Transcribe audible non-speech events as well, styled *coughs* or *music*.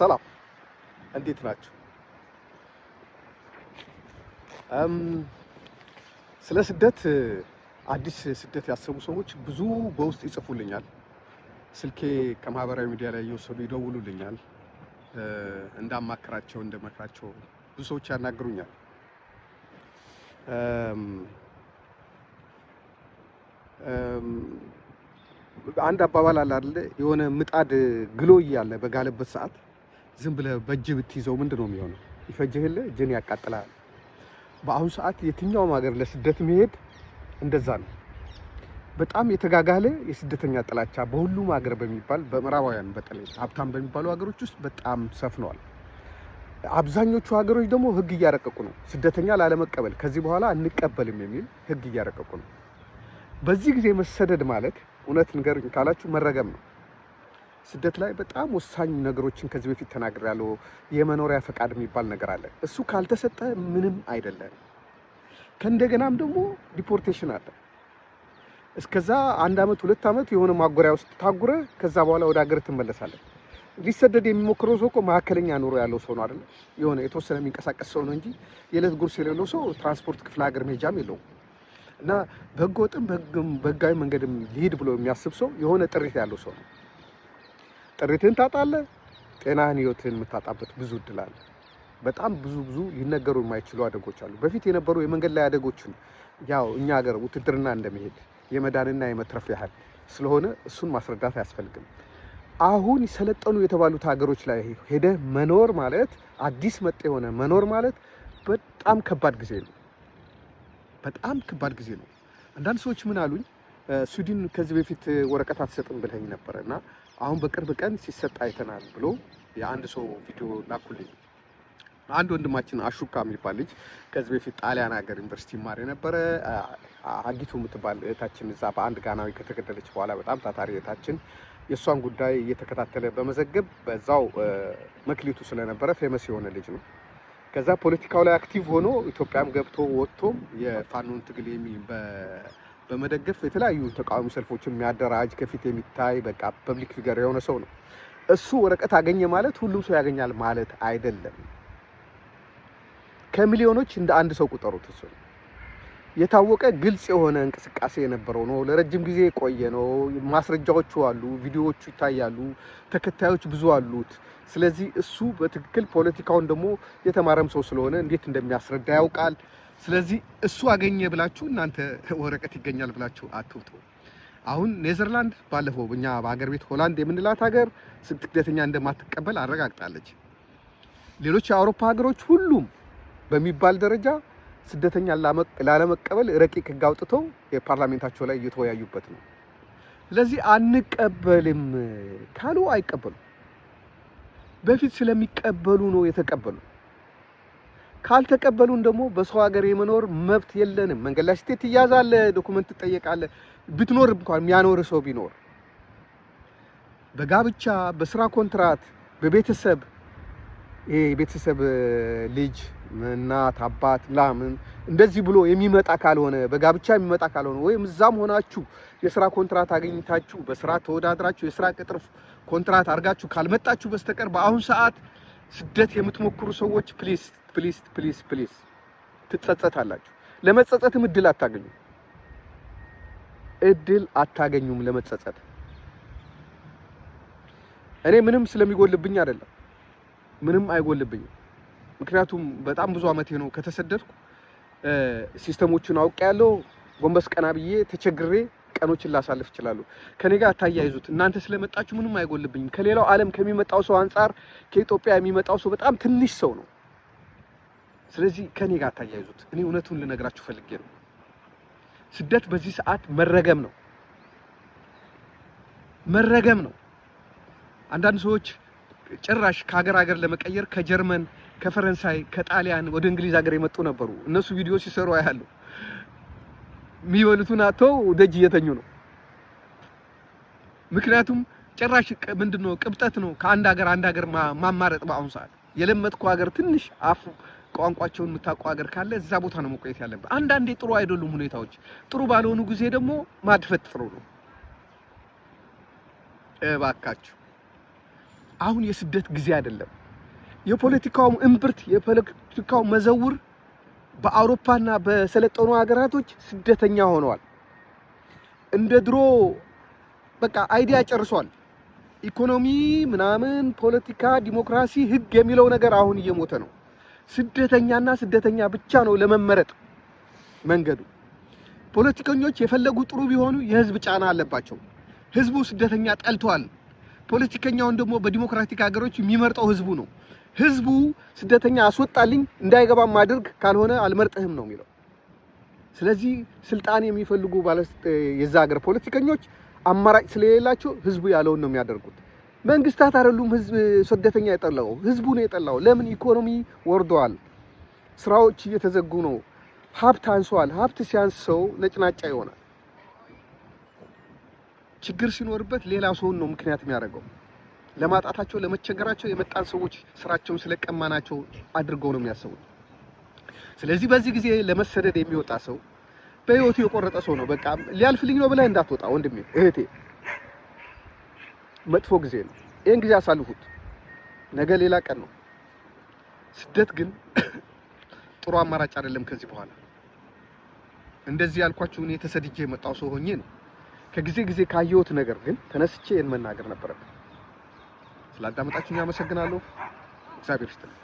ሰላም እንዴት ናችሁ! ስለ ስደት አዲስ ስደት ያሰቡ ሰዎች ብዙ በውስጥ ይጽፉልኛል። ስልኬ ከማህበራዊ ሚዲያ ላይ እየወሰዱ ይደውሉልኛል። እንዳማክራቸው እንደመክራቸው ብዙ ሰዎች ያናግሩኛል። አንድ አባባል አለ አይደል? የሆነ ምጣድ ግሎ እያለ በጋለበት ሰዓት ዝም ብለህ በእጅ ብትይዘው ምንድን ነው የሚሆነው? ይፈጅህል፣ እጅን ያቃጥላል። በአሁኑ ሰዓት የትኛውም ሀገር ለስደት መሄድ እንደዛ ነው። በጣም የተጋጋለ የስደተኛ ጥላቻ በሁሉም ሀገር በሚባል በምዕራባውያን በተለይ ሀብታም በሚባሉ ሀገሮች ውስጥ በጣም ሰፍነዋል። አብዛኞቹ ሀገሮች ደግሞ ህግ እያረቀቁ ነው። ስደተኛ ላለመቀበል ከዚህ በኋላ አንቀበልም የሚል ህግ እያረቀቁ ነው። በዚህ ጊዜ መሰደድ ማለት እውነት ንገሩኝ ካላችሁ መረገም ነው። ስደት ላይ በጣም ወሳኝ ነገሮችን ከዚህ በፊት ተናግሬያለሁ። የመኖሪያ ፈቃድ የሚባል ነገር አለ። እሱ ካልተሰጠ ምንም አይደለም። ከእንደገናም ደግሞ ዲፖርቴሽን አለ። እስከዛ አንድ ዓመት ሁለት ዓመት የሆነ ማጎሪያ ውስጥ ታጉረ ከዛ በኋላ ወደ ሀገር ትመለሳለን። ሊሰደድ የሚሞክረው ሰው እኮ መካከለኛ ኑሮ ያለው ሰው ነው አይደለ? የሆነ የተወሰነ የሚንቀሳቀስ ሰው ነው እንጂ የዕለት ጉርስ የሌለው ሰው ትራንስፖርት ክፍለ ሀገር መሄጃም የለውም። እና በህገ ወጥም በህጋዊ መንገድም ሊሄድ ብሎ የሚያስብ ሰው የሆነ ጥሪት ያለው ሰው ነው። ጥሪትን ታጣለህ፣ ጤናህን፣ ህይወትህን የምታጣበት ብዙ እድል አለ። በጣም ብዙ ብዙ ሊነገሩ የማይችሉ አደጎች አሉ። በፊት የነበሩ የመንገድ ላይ አደጎችን ያው እኛ ሀገር ውትድርና እንደመሄድ የመዳንና የመትረፍ ያህል ስለሆነ እሱን ማስረዳት አያስፈልግም። አሁን ሰለጠኑ የተባሉት ሀገሮች ላይ ሄደ መኖር ማለት አዲስ መጤ የሆነ መኖር ማለት በጣም ከባድ ጊዜ ነው። በጣም ከባድ ጊዜ ነው። አንዳንድ ሰዎች ምን አሉኝ፣ ስዊድን ከዚህ በፊት ወረቀት አትሰጥም ብለኝ ነበረ እና አሁን በቅርብ ቀን ሲሰጥ አይተናል ብሎ የአንድ ሰው ቪዲዮ ላኩልኝ። አንድ ወንድማችን አሹካ የሚባል ልጅ ከዚህ በፊት ጣሊያን ሀገር ዩኒቨርሲቲ ይማር የነበረ አጊቱ የምትባል እህታችን እዛ በአንድ ጋናዊ ከተገደለች በኋላ በጣም ታታሪ እህታችን የእሷን ጉዳይ እየተከታተለ በመዘገብ በዛው መክሊቱ ስለነበረ ፌመስ የሆነ ልጅ ነው። ከዛ ፖለቲካው ላይ አክቲቭ ሆኖ ኢትዮጵያም ገብቶ ወጥቶም የፋኖን ትግል በመደገፍ የተለያዩ ተቃዋሚ ሰልፎችን የሚያደራጅ ከፊት የሚታይ በቃ ፐብሊክ ፊገር የሆነ ሰው ነው። እሱ ወረቀት አገኘ ማለት ሁሉም ሰው ያገኛል ማለት አይደለም። ከሚሊዮኖች እንደ አንድ ሰው ቁጠሩት። እሱ የታወቀ ግልጽ የሆነ እንቅስቃሴ የነበረው ነው። ለረጅም ጊዜ የቆየ ነው። ማስረጃዎቹ አሉ፣ ቪዲዮዎቹ ይታያሉ፣ ተከታዮች ብዙ አሉት። ስለዚህ እሱ በትክክል ፖለቲካውን ደግሞ የተማረም ሰው ስለሆነ እንዴት እንደሚያስረዳ ያውቃል። ስለዚህ እሱ አገኘ ብላችሁ እናንተ ወረቀት ይገኛል ብላችሁ አትውጡ። አሁን ኔዘርላንድ ባለፈው እኛ በሀገር ቤት ሆላንድ የምንላት ሀገር ስደተኛ እንደማትቀበል አረጋግጣለች። ሌሎች የአውሮፓ ሀገሮች ሁሉም በሚባል ደረጃ ስደተኛ ላለመቀበል ረቂቅ ሕግ አውጥተው የፓርላሜንታቸው ላይ እየተወያዩበት ነው። ስለዚህ አንቀበልም ካሉ አይቀበሉም። በፊት ስለሚቀበሉ ነው የተቀበሉ ካልተቀበሉን ደግሞ በሰው ሀገር የመኖር መብት የለንም። መንገድ ላይ ስትሄድ ትያዛለህ፣ ዶኩመንት ትጠየቃለህ። ብትኖር እንኳን የሚያኖር ሰው ቢኖር በጋብቻ በስራ ኮንትራት በቤተሰብ የቤተሰብ ልጅ እናት አባት ላምን እንደዚህ ብሎ የሚመጣ ካልሆነ በጋብቻ የሚመጣ ካልሆነ ወይም እዛም ሆናችሁ የስራ ኮንትራት አግኝታችሁ በስራ ተወዳድራችሁ የስራ ቅጥር ኮንትራት አድርጋችሁ ካልመጣችሁ በስተቀር በአሁኑ ሰዓት ስደት የምትሞክሩ ሰዎች ፕሊስ ፕሊስ ፕሊስ ፕሊስ ትጸጸታላችሁ። ለመጸጸትም እድል አታገኙም፣ እድል አታገኙም ለመጸጸት። እኔ ምንም ስለሚጎልብኝ አይደለም፣ ምንም አይጎልብኝም። ምክንያቱም በጣም ብዙ አመቴ ነው ከተሰደድኩ። ሲስተሞቹን አውቄያለሁ። ጎንበስ ቀና ብዬ ተቸግሬ ቀኖችን ላሳልፍ እችላለሁ። ከኔ ጋር አታያይዙት። እናንተ ስለመጣችሁ ምንም አይጎልብኝም። ከሌላው ዓለም ከሚመጣው ሰው አንጻር ከኢትዮጵያ የሚመጣው ሰው በጣም ትንሽ ሰው ነው። ስለዚህ ከኔ ጋር አታያይዙት። እኔ እውነቱን ልነግራችሁ ፈልጌ ነው። ስደት በዚህ ሰዓት መረገም ነው፣ መረገም ነው። አንዳንድ ሰዎች ጭራሽ ከሀገር ሀገር ለመቀየር ከጀርመን፣ ከፈረንሳይ፣ ከጣሊያን ወደ እንግሊዝ ሀገር የመጡ ነበሩ። እነሱ ቪዲዮ ሲሰሩ አያለሁ። የሚበሉትን አጥተው ደጅ እየተኙ ነው። ምክንያቱም ጭራሽ ምንድነው ቅብጠት ነው ከአንድ ሀገር አንድ ሀገር ማማረጥ። በአሁኑ ሰዓት የለመጥኩ ሀገር ትንሽ አፉ ቋንቋቸውን የምታውቀው ሀገር ካለ እዛ ቦታ ነው መቆየት ያለበት አንዳንዴ ጥሩ አይደሉም ሁኔታዎች። ጥሩ ባልሆኑ ጊዜ ደግሞ ማድፈት ጥሩ ነው። እባካችሁ አሁን የስደት ጊዜ አይደለም። የፖለቲካውም እምብርት የፖለቲካው መዘውር በአውሮፓና በሰለጠኑ ሀገራቶች ስደተኛ ሆነዋል። እንደ ድሮ በቃ አይዲያ ጨርሷል። ኢኮኖሚ ምናምን፣ ፖለቲካ፣ ዲሞክራሲ፣ ህግ የሚለው ነገር አሁን እየሞተ ነው። ስደተኛና ስደተኛ ብቻ ነው ለመመረጥ መንገዱ። ፖለቲከኞች የፈለጉ ጥሩ ቢሆኑ የህዝብ ጫና አለባቸው። ህዝቡ ስደተኛ ጠልቷል። ፖለቲከኛውን ደግሞ በዲሞክራቲክ ሀገሮች የሚመርጠው ህዝቡ ነው። ህዝቡ ስደተኛ አስወጣልኝ እንዳይገባም ማድርግ ካልሆነ አልመርጥህም ነው የሚለው። ስለዚህ ስልጣን የሚፈልጉ የዛ ሀገር ፖለቲከኞች አማራጭ ስለሌላቸው ህዝቡ ያለውን ነው የሚያደርጉት። መንግስታት አይደሉም ህዝብ ስደተኛ የጠላው ህዝቡ ነው የጠላው። ለምን? ኢኮኖሚ ወርደዋል፣ ስራዎች እየተዘጉ ነው፣ ሀብት አንሷል። ሀብት ሲያንስ ሰው ነጭናጫ ይሆናል። ችግር ሲኖርበት ሌላ ሰውን ነው ምክንያት የሚያደርገው። ለማጣታቸው ለመቸገራቸው የመጣን ሰዎች ስራቸውን ስለቀማናቸው አድርገው ነው የሚያስቡት። ስለዚህ በዚህ ጊዜ ለመሰደድ የሚወጣ ሰው በህይወቱ የቆረጠ ሰው ነው። በቃ ሊያልፍልኝ ነው ብለህ እንዳትወጣ ወንድሜ እህቴ፣ መጥፎ ጊዜ ነው። ይህን ጊዜ አሳልፉት። ነገ ሌላ ቀን ነው። ስደት ግን *coughs* ጥሩ አማራጭ አይደለም። ከዚህ በኋላ እንደዚህ ያልኳችሁ እኔ ተሰድጄ የመጣው ሰው ሆኜ ነው። ከጊዜ ጊዜ ካየሁት ነገር ግን ተነስቼ ይህን መናገር ነበረብን። ስላዳመጣችሁ አመሰግናለሁ። እግዚአብሔር ይስጥልኝ።